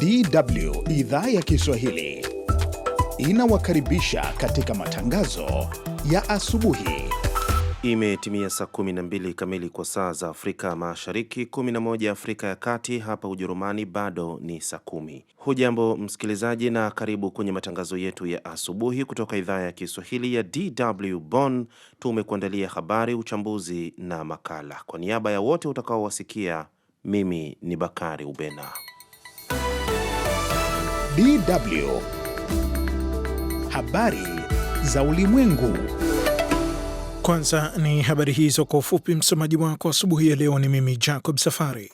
DW idhaa ya Kiswahili inawakaribisha katika matangazo ya asubuhi. Imetimia saa 12 kamili kwa saa za Afrika Mashariki, 11 Afrika ya Kati. Hapa Ujerumani bado ni saa kumi. Hujambo msikilizaji, na karibu kwenye matangazo yetu ya asubuhi kutoka idhaa ya Kiswahili ya DW Bonn. Tumekuandalia habari, uchambuzi na makala. Kwa niaba ya wote utakaowasikia, mimi ni Bakari Ubena. DW. Habari za Ulimwengu. Kwanza ni habari hizo kwa ufupi. Msomaji wako asubuhi ya leo ni mimi Jacob Safari.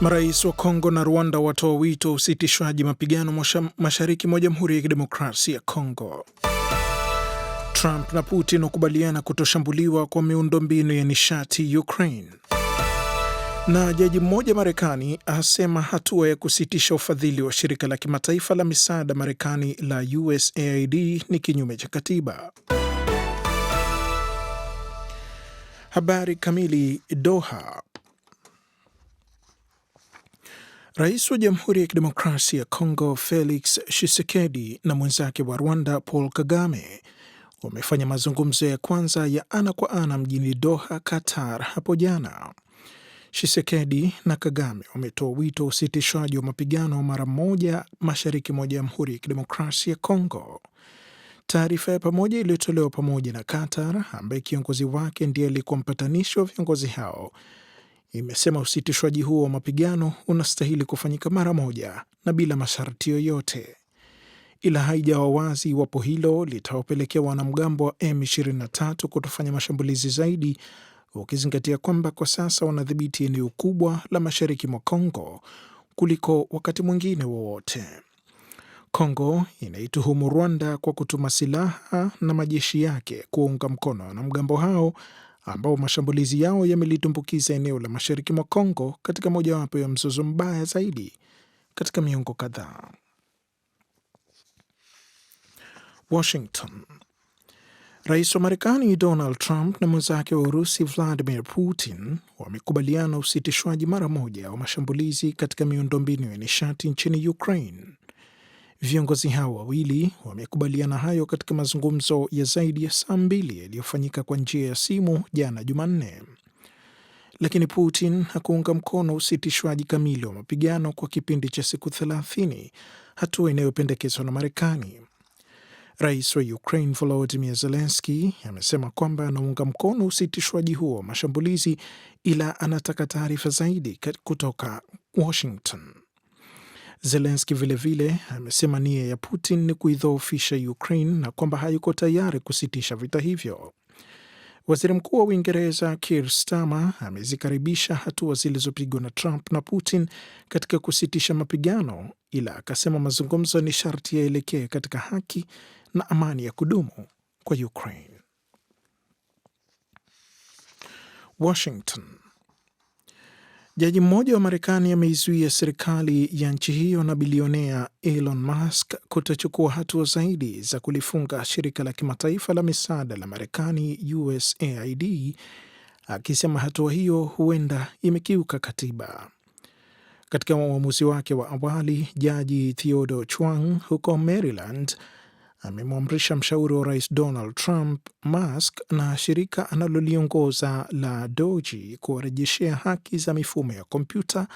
Marais wa Kongo na Rwanda watoa wito wa usitishwaji mapigano mashariki mwa Jamhuri ya Kidemokrasia ya Kongo. Trump na Putin wakubaliana kutoshambuliwa kwa miundombinu ya nishati Ukraine. Na jaji mmoja Marekani asema hatua ya kusitisha ufadhili wa shirika la kimataifa la misaada Marekani la USAID ni kinyume cha katiba. Habari kamili. Doha. Rais wa Jamhuri ya Kidemokrasia ya Kongo Felix Tshisekedi na mwenzake wa Rwanda Paul Kagame wamefanya mazungumzo ya kwanza ya ana kwa ana mjini Doha, Qatar hapo jana. Shisekedi na Kagame wametoa wito wa usitishwaji wa mapigano wa mara moja mashariki mwa Jamhuri ya Kidemokrasia ya Kongo. Taarifa ya pamoja iliyotolewa pamoja na Qatar, ambaye kiongozi wake ndiye alikuwa mpatanishi wa viongozi hao, imesema usitishwaji huo wa mapigano unastahili kufanyika mara moja na bila masharti yoyote, ila haijawa wazi iwapo hilo litawapelekea wanamgambo wa M23 kutofanya mashambulizi zaidi ukizingatia kwamba kwa sasa wanadhibiti eneo kubwa la mashariki mwa Kongo kuliko wakati mwingine wowote congo Kongo inaituhumu Rwanda kwa kutuma silaha na majeshi yake kuwaunga mkono wanamgambo hao ambao mashambulizi yao yamelitumbukiza eneo la mashariki mwa Kongo katika mojawapo ya mzozo mbaya zaidi katika miongo kadhaa. Washington Rais wa Marekani Donald Trump na mwenzake wa Urusi Vladimir Putin wamekubaliana usitishwaji mara moja wa mashambulizi katika miundombinu ya nishati nchini Ukraine. Viongozi hao wawili wamekubaliana hayo katika mazungumzo ya zaidi ya saa mbili yaliyofanyika kwa njia ya simu jana Jumanne, lakini Putin hakuunga mkono usitishwaji kamili wa mapigano kwa kipindi cha siku thelathini, hatua inayopendekezwa na Marekani. Rais wa Ukraine Volodimir Zelenski amesema kwamba anaunga mkono usitishwaji huo wa mashambulizi, ila anataka taarifa zaidi kutoka Washington. Zelenski vilevile amesema nia ya Putin ni kuidhoofisha Ukraine na kwamba hayuko tayari kusitisha vita hivyo. Waziri Mkuu wa Uingereza Keir Starmer amezikaribisha hatua zilizopigwa na Trump na Putin katika kusitisha mapigano, ila akasema mazungumzo ni sharti yaelekee katika haki na amani ya kudumu kwa Ukraine. Washington. Jaji mmoja wa Marekani ameizuia serikali ya nchi hiyo na bilionea Elon Musk kutochukua hatua zaidi za kulifunga shirika la kimataifa la misaada la Marekani USAID, akisema hatua hiyo huenda imekiuka katiba. Katika uamuzi wake wa awali, Jaji Theodore Chuang huko Maryland amemwamrisha mshauri wa rais Donald Trump, Musk na shirika analoliongoza la Doji kuwarejeshea haki za mifumo ya kompyuta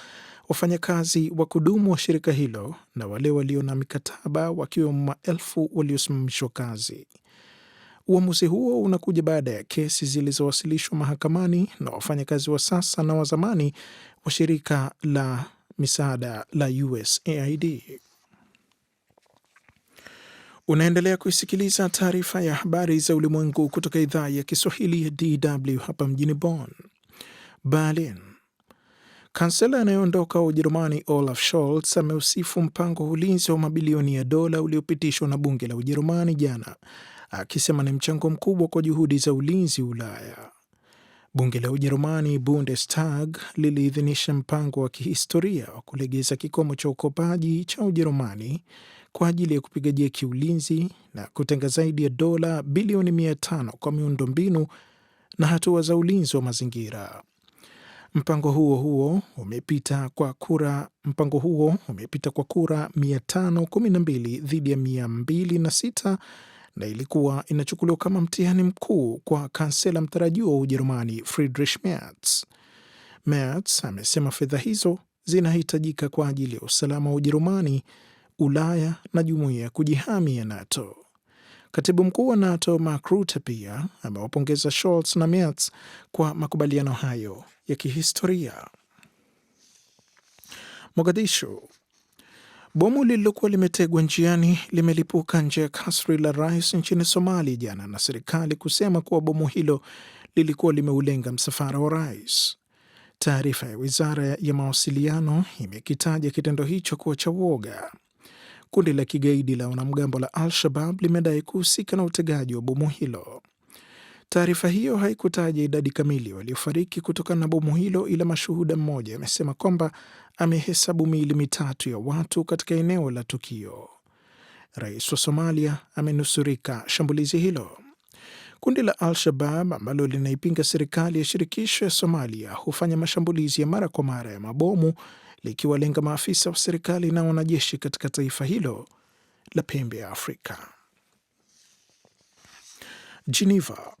wafanyakazi wa kudumu wa shirika hilo na wale walio na mikataba, wakiwemo maelfu waliosimamishwa kazi. Uamuzi huo unakuja baada ya kesi zilizowasilishwa mahakamani na wafanyakazi wa sasa na wa zamani wa shirika la misaada la USAID. Unaendelea kuisikiliza taarifa ya habari za ulimwengu kutoka idhaa ya Kiswahili ya DW hapa mjini Bonn. Berlin. Kansela anayeondoka wa Ujerumani Olaf Scholz ameusifu mpango wa ulinzi wa mabilioni ya dola uliopitishwa na bunge la Ujerumani jana, akisema ni mchango mkubwa kwa juhudi za ulinzi Ulaya. Bunge la Ujerumani, Bundestag, liliidhinisha mpango wa kihistoria wa kulegeza kikomo cha ukopaji cha Ujerumani kwa ajili ya kupiga jeki ulinzi na kutenga zaidi ya dola bilioni tano kwa miundo mbinu na hatua za ulinzi wa mazingira. Mpango huo huo umepita kwa kura mpango huo umepita kwa kura 512 dhidi ya 206 na ilikuwa inachukuliwa kama mtihani mkuu kwa kansela mtarajiwa wa Ujerumani Friedrich Merz. Merz amesema fedha hizo zinahitajika kwa ajili ya usalama wa Ujerumani Ulaya na jumuiya ya kujihami ya NATO. Katibu mkuu wa NATO Mark Rutte pia amewapongeza Scholz na Merz kwa makubaliano hayo ya kihistoria. Mogadishu. Bomu lililokuwa limetegwa njiani limelipuka nje ya kasri la rais nchini somali jana, na serikali kusema kuwa bomu hilo lilikuwa limeulenga msafara wa rais. Taarifa ya wizara ya mawasiliano imekitaja kitendo hicho kuwa cha uoga. Kundi la kigaidi la wanamgambo la Al-Shabab limedai kuhusika na utegaji wa bomu hilo. Taarifa hiyo haikutaja idadi kamili waliofariki kutokana na bomu hilo, ila mashuhuda mmoja amesema kwamba amehesabu miili mitatu ya watu katika eneo la tukio. Rais wa Somalia amenusurika shambulizi hilo. Kundi la Al-Shabab ambalo linaipinga serikali ya shirikisho ya Somalia hufanya mashambulizi ya mara kwa mara ya mabomu likiwalenga maafisa wa serikali na wanajeshi katika taifa hilo la pembe ya Afrika. Geneva.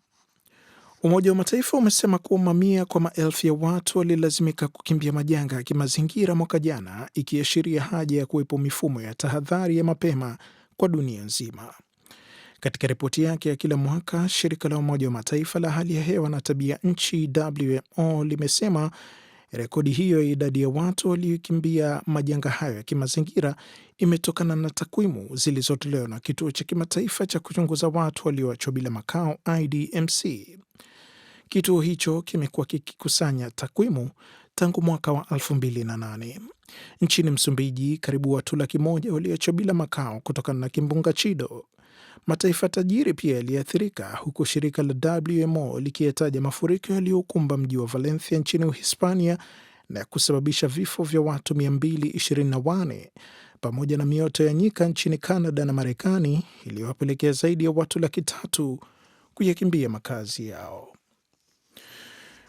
Umoja wa Mataifa umesema kuwa mamia kwa maelfu ya watu walilazimika kukimbia majanga ya kimazingira mwaka jana, ikiashiria haja ya kuwepo mifumo ya tahadhari ya mapema kwa dunia nzima. Katika ripoti yake ya kila mwaka, shirika la Umoja wa Mataifa la hali ya hewa na tabia nchi WMO limesema Rekodi hiyo ya idadi ya watu waliokimbia majanga hayo ya kimazingira imetokana na takwimu zilizotolewa na Kituo cha Kimataifa cha Kuchunguza Watu Walioachwa Bila Makao, IDMC. Kituo hicho kimekuwa kikikusanya takwimu tangu mwaka wa 2008. Nchini Msumbiji, karibu watu laki moja walioachwa bila makao kutokana na kimbunga Chido. Mataifa tajiri pia yaliathirika huku shirika la WMO likiyataja mafuriko yaliyokumba mji wa Valencia nchini Uhispania na kusababisha vifo vya watu 224 pamoja na mioto ya nyika nchini Canada na Marekani iliyowapelekea zaidi ya watu laki tatu kuyakimbia makazi yao.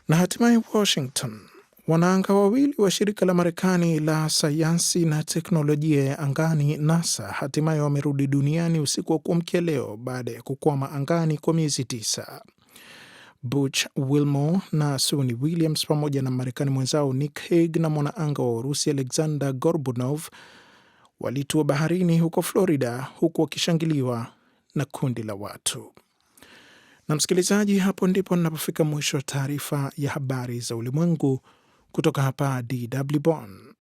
Na hatimaye Washington Wanaanga wawili wa shirika la Marekani la sayansi na teknolojia ya angani NASA hatimaye wamerudi duniani usiku wa kuamkia leo baada ya kukwama angani kwa miezi tisa. Butch Wilmore na Suni Williams pamoja na Marekani mwenzao Nick haig na mwanaanga wa Urusi Alexander Gorbunov walitua baharini huko Florida huku wakishangiliwa na kundi la watu. Na msikilizaji, hapo ndipo ninapofika mwisho wa taarifa ya habari za ulimwengu kutoka hapa DW Bonn.